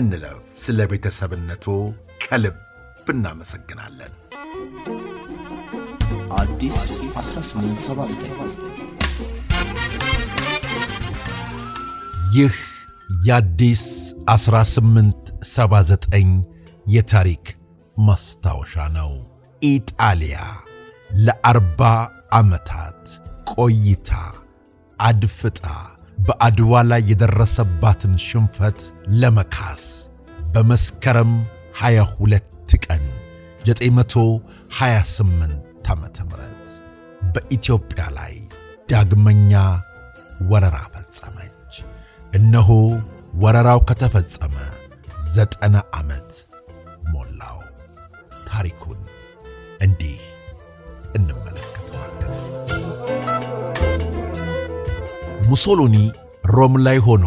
እንለፍ። ስለ ቤተሰብነቱ ከልብ እናመሰግናለን። ይህ የአዲስ 1879 የታሪክ ማስታወሻ ነው። ኢጣሊያ ለአርባ ዓመታት ቆይታ አድፍጣ በአድዋ ላይ የደረሰባትን ሽንፈት ለመካስ በመስከረም 22 ቀን 928 ዓ ም በኢትዮጵያ ላይ ዳግመኛ ወረራ ፈጸመች። እነሆ ወረራው ከተፈጸመ ዘጠና ዓመት ሞላው። ታሪኩን እንዲህ እንመለከት። ሙሶሎኒ ሮም ላይ ሆኖ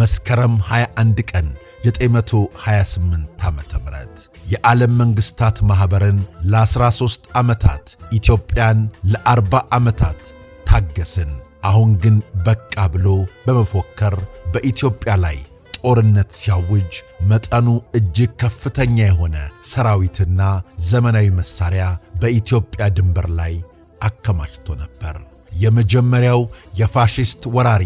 መስከረም 21 ቀን 928 ዓ ም የዓለም መንግሥታት ማኅበርን ለ13 ዓመታት ኢትዮጵያን ለ40 ዓመታት ታገስን፣ አሁን ግን በቃ ብሎ በመፎከር በኢትዮጵያ ላይ ጦርነት ሲያውጅ መጠኑ እጅግ ከፍተኛ የሆነ ሰራዊትና ዘመናዊ መሣሪያ በኢትዮጵያ ድንበር ላይ አከማችቶ ነበር። የመጀመሪያው የፋሽስት ወራሪ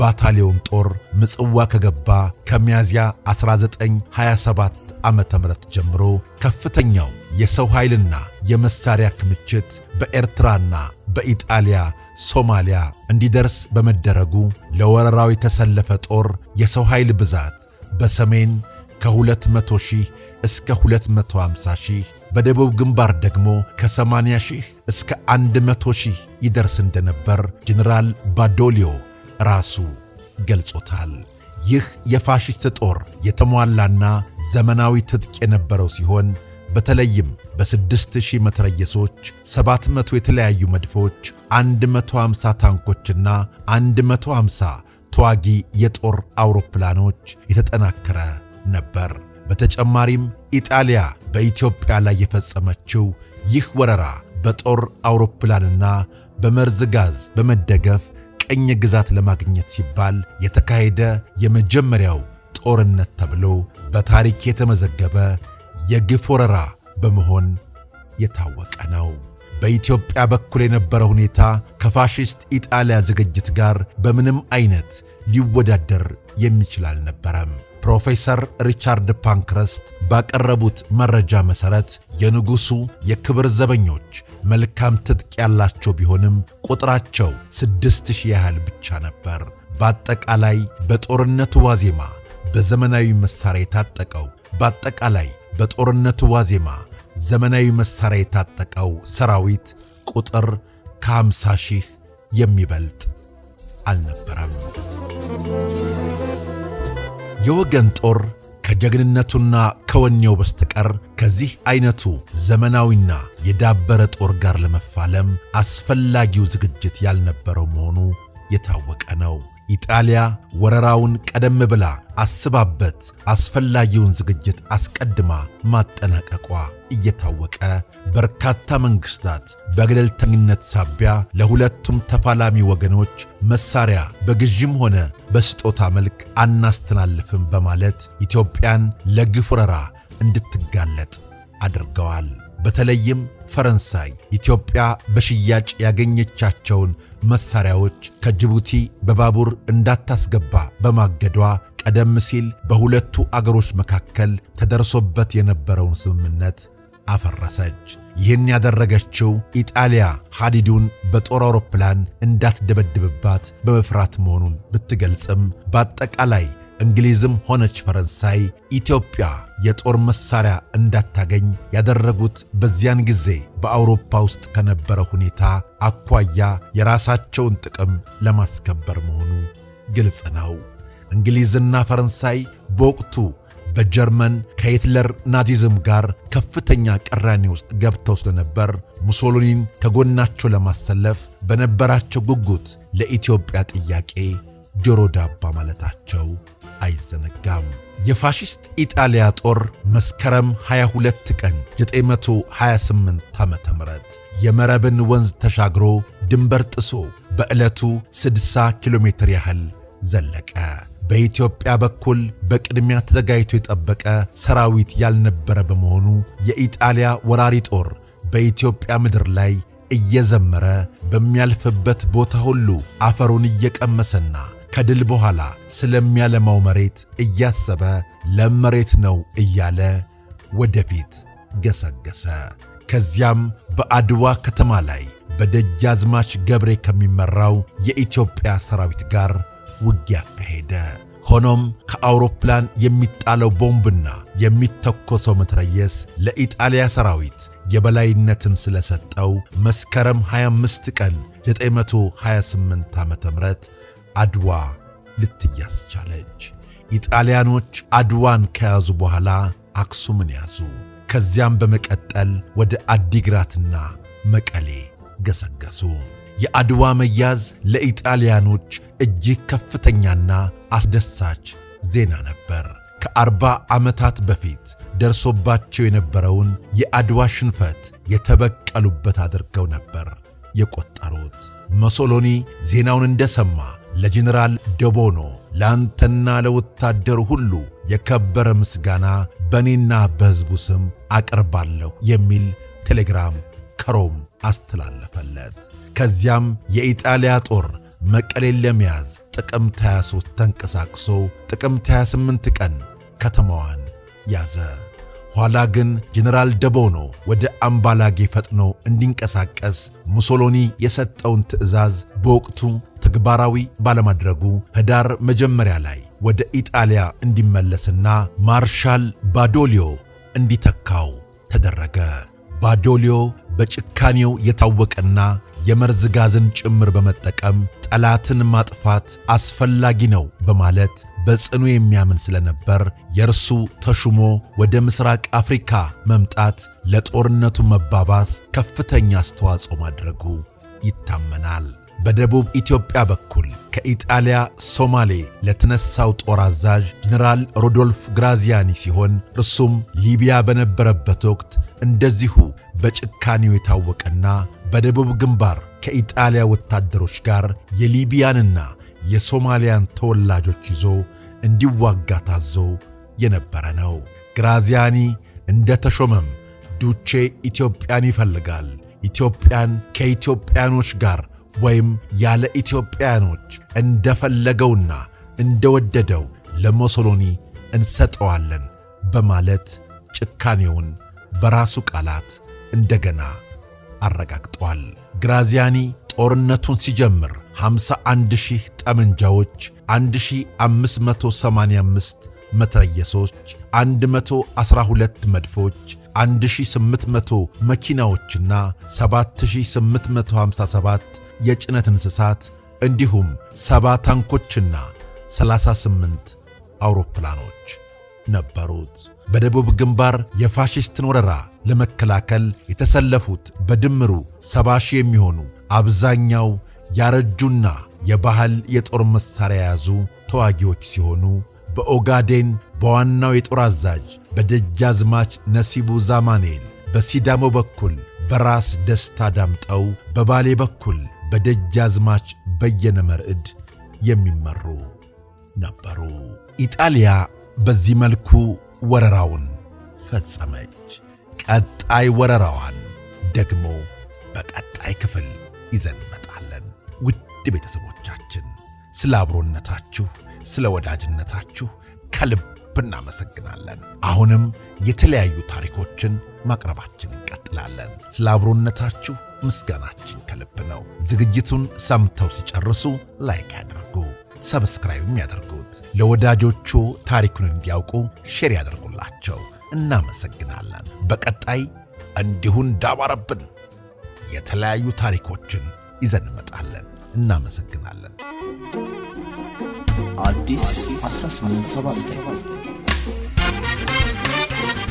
ባታሊዮን ጦር ምጽዋ ከገባ ከሚያዝያ 1927 ዓ ም ጀምሮ ከፍተኛው የሰው ኃይልና የመሳሪያ ክምችት በኤርትራና በኢጣሊያ ሶማሊያ እንዲደርስ በመደረጉ ለወረራው የተሰለፈ ጦር የሰው ኃይል ብዛት በሰሜን ከ200 ሺህ እስከ 250 ሺህ በደቡብ ግንባር ደግሞ ከ80 ሺህ እስከ 100 ሺህ ይደርስ እንደነበር ጀነራል ባዶሊዮ ራሱ ገልጾታል። ይህ የፋሽስት ጦር የተሟላና ዘመናዊ ትጥቅ የነበረው ሲሆን በተለይም በ6000 መትረየሶች፣ 700 የተለያዩ መድፎች፣ 150 ታንኮችና 150 ተዋጊ የጦር አውሮፕላኖች የተጠናከረ ነበር። በተጨማሪም ኢጣሊያ በኢትዮጵያ ላይ የፈጸመችው ይህ ወረራ በጦር አውሮፕላንና በመርዝ ጋዝ በመደገፍ ቅኝ ግዛት ለማግኘት ሲባል የተካሄደ የመጀመሪያው ጦርነት ተብሎ በታሪክ የተመዘገበ የግፍ ወረራ በመሆን የታወቀ ነው። በኢትዮጵያ በኩል የነበረ ሁኔታ ከፋሽስት ኢጣሊያ ዝግጅት ጋር በምንም አይነት ሊወዳደር የሚችል አልነበረም። ፕሮፌሰር ሪቻርድ ፓንክረስት ባቀረቡት መረጃ መሠረት የንጉሡ የክብር ዘበኞች መልካም ትጥቅ ያላቸው ቢሆንም ቁጥራቸው ስድስት ሺህ ያህል ብቻ ነበር። በአጠቃላይ በጦርነቱ ዋዜማ በዘመናዊ መሣሪያ የታጠቀው በአጠቃላይ በጦርነቱ ዋዜማ ዘመናዊ መሣሪያ የታጠቀው ሰራዊት ቁጥር ከ50 ሺህ የሚበልጥ አልነበረም። የወገን ጦር ከጀግንነቱና ከወኔው በስተቀር ከዚህ አይነቱ ዘመናዊና የዳበረ ጦር ጋር ለመፋለም አስፈላጊው ዝግጅት ያልነበረው መሆኑ የታወቀ ነው። ኢጣሊያ ወረራውን ቀደም ብላ አስባበት አስፈላጊውን ዝግጅት አስቀድማ ማጠናቀቋ እየታወቀ በርካታ መንግስታት በገለልተኝነት ሳቢያ ለሁለቱም ተፋላሚ ወገኖች መሳሪያ በግዥም ሆነ በስጦታ መልክ አናስተላልፍም በማለት ኢትዮጵያን ለግፍ ወረራ እንድትጋለጥ አድርገዋል። በተለይም ፈረንሳይ ኢትዮጵያ በሽያጭ ያገኘቻቸውን መሳሪያዎች ከጅቡቲ በባቡር እንዳታስገባ በማገዷ ቀደም ሲል በሁለቱ አገሮች መካከል ተደርሶበት የነበረውን ስምምነት አፈረሰች። ይህን ያደረገችው ኢጣሊያ ሐዲዱን በጦር አውሮፕላን እንዳትደበድብባት በመፍራት መሆኑን ብትገልጽም በአጠቃላይ እንግሊዝም ሆነች ፈረንሳይ ኢትዮጵያ የጦር መሳሪያ እንዳታገኝ ያደረጉት በዚያን ጊዜ በአውሮፓ ውስጥ ከነበረ ሁኔታ አኳያ የራሳቸውን ጥቅም ለማስከበር መሆኑ ግልጽ ነው። እንግሊዝና ፈረንሳይ በወቅቱ በጀርመን ከሂትለር ናዚዝም ጋር ከፍተኛ ቅራኔ ውስጥ ገብተው ስለነበር ሙሶሎኒን ከጎናቸው ለማሰለፍ በነበራቸው ጉጉት ለኢትዮጵያ ጥያቄ ጆሮ ዳባ ማለታቸው አይዘነጋም። የፋሽስት ኢጣሊያ ጦር መስከረም 22 ቀን 928 ዓ ም የመረብን ወንዝ ተሻግሮ ድንበር ጥሶ በዕለቱ 60 ኪሎ ሜትር ያህል ዘለቀ። በኢትዮጵያ በኩል በቅድሚያ ተዘጋጅቶ የጠበቀ ሰራዊት ያልነበረ በመሆኑ የኢጣሊያ ወራሪ ጦር በኢትዮጵያ ምድር ላይ እየዘመረ በሚያልፍበት ቦታ ሁሉ አፈሩን እየቀመሰና ከድል በኋላ ስለሚያለማው መሬት እያሰበ ለም መሬት ነው እያለ ወደፊት ገሰገሰ። ከዚያም በአድዋ ከተማ ላይ በደጃዝማች ገብሬ ከሚመራው የኢትዮጵያ ሰራዊት ጋር ውጊያ አካሄደ። ሆኖም ከአውሮፕላን የሚጣለው ቦምብና የሚተኮሰው መትረየስ ለኢጣሊያ ሰራዊት የበላይነትን ስለሰጠው መስከረም 25 ቀን 928 ዓ ም አድዋ ልትያዝ ቻለች። ኢጣሊያኖች አድዋን ከያዙ በኋላ አክሱምን ያዙ። ከዚያም በመቀጠል ወደ አዲግራትና መቀሌ ገሰገሱ። የአድዋ መያዝ ለኢጣሊያኖች እጅግ ከፍተኛና አስደሳች ዜና ነበር። ከአርባ ዓመታት በፊት ደርሶባቸው የነበረውን የአድዋ ሽንፈት የተበቀሉበት አድርገው ነበር የቆጠሩት። መሶሎኒ ዜናውን እንደሰማ ለጀነራል ደቦኖ ለአንተና ለወታደሩ ሁሉ የከበረ ምስጋና በእኔና በሕዝቡ ስም አቀርባለሁ የሚል ቴሌግራም ከሮም አስተላለፈለት። ከዚያም የኢጣሊያ ጦር መቀሌን ለመያዝ ጥቅምት 23 ተንቀሳቅሶ ጥቅምት 28 ቀን ከተማዋን ያዘ። ኋላ ግን ጄኔራል ደቦኖ ወደ አምባላጌ ፈጥኖ እንዲንቀሳቀስ ሙሶሎኒ የሰጠውን ትዕዛዝ በወቅቱ ተግባራዊ ባለማድረጉ ህዳር መጀመሪያ ላይ ወደ ኢጣሊያ እንዲመለስና ማርሻል ባዶሊዮ እንዲተካው ተደረገ። ባዶሊዮ በጭካኔው የታወቀና የመርዝ ጋዝን ጭምር በመጠቀም ጠላትን ማጥፋት አስፈላጊ ነው በማለት በጽኑ የሚያምን ስለነበር የእርሱ ተሹሞ ወደ ምስራቅ አፍሪካ መምጣት ለጦርነቱ መባባስ ከፍተኛ አስተዋጽኦ ማድረጉ ይታመናል። በደቡብ ኢትዮጵያ በኩል ከኢጣሊያ ሶማሌ ለተነሳው ጦር አዛዥ ጀኔራል ሮዶልፍ ግራዚያኒ ሲሆን እርሱም ሊቢያ በነበረበት ወቅት እንደዚሁ በጭካኔው የታወቀና በደቡብ ግንባር ከኢጣሊያ ወታደሮች ጋር የሊቢያንና የሶማሊያን ተወላጆች ይዞ እንዲዋጋ ታዞ የነበረ ነው። ግራዚያኒ እንደ ተሾመም ዱቼ ኢትዮጵያን ይፈልጋል። ኢትዮጵያን ከኢትዮጵያኖች ጋር ወይም ያለ ኢትዮጵያኖች እንደፈለገውና እንደወደደው ለሞሶሎኒ እንሰጠዋለን በማለት ጭካኔውን በራሱ ቃላት እንደገና አረጋግጧል። ግራዚያኒ ጦርነቱን ሲጀምር 51 ሺህ ጠመንጃዎች፣ 1585 መትረየሶች፣ 112 መድፎች፣ 1800 መኪናዎችና 7857 የጭነት እንስሳት እንዲሁም ሰባ ታንኮችና 38 አውሮፕላኖች ነበሩት። በደቡብ ግንባር የፋሽስትን ወረራ ለመከላከል የተሰለፉት በድምሩ ሰባ ሺህ የሚሆኑ አብዛኛው ያረጁና የባህል የጦር መሣሪያ የያዙ ተዋጊዎች ሲሆኑ በኦጋዴን በዋናው የጦር አዛዥ በደጃዝማች ነሲቡ ዛማኔል፣ በሲዳሞ በኩል በራስ ደስታ ዳምጠው፣ በባሌ በኩል በደጃዝማች በየነ መርዕድ የሚመሩ ነበሩ። ኢጣሊያ በዚህ መልኩ ወረራውን ፈጸመች። ቀጣይ ወረራዋን ደግሞ በቀጣይ ክፍል ይዘን እንመጣለን። ውድ ቤተሰቦቻችን ስለ አብሮነታችሁ፣ ስለ ወዳጅነታችሁ ከልብ እናመሰግናለን። አሁንም የተለያዩ ታሪኮችን ማቅረባችን እንቀጥላለን። ስለ አብሮነታችሁ ምስጋናችን ከልብ ነው። ዝግጅቱን ሰምተው ሲጨርሱ ላይክ ያድርጉ። ሰብስክራይብም ያደርጉት። ለወዳጆቹ ታሪኩን እንዲያውቁ ሼር ያደርጉላቸው። እናመሰግናለን። በቀጣይ እንዲሁ እንዳማረብን የተለያዩ ታሪኮችን ይዘን እንመጣለን። እናመሰግናለን። አዲስ 1879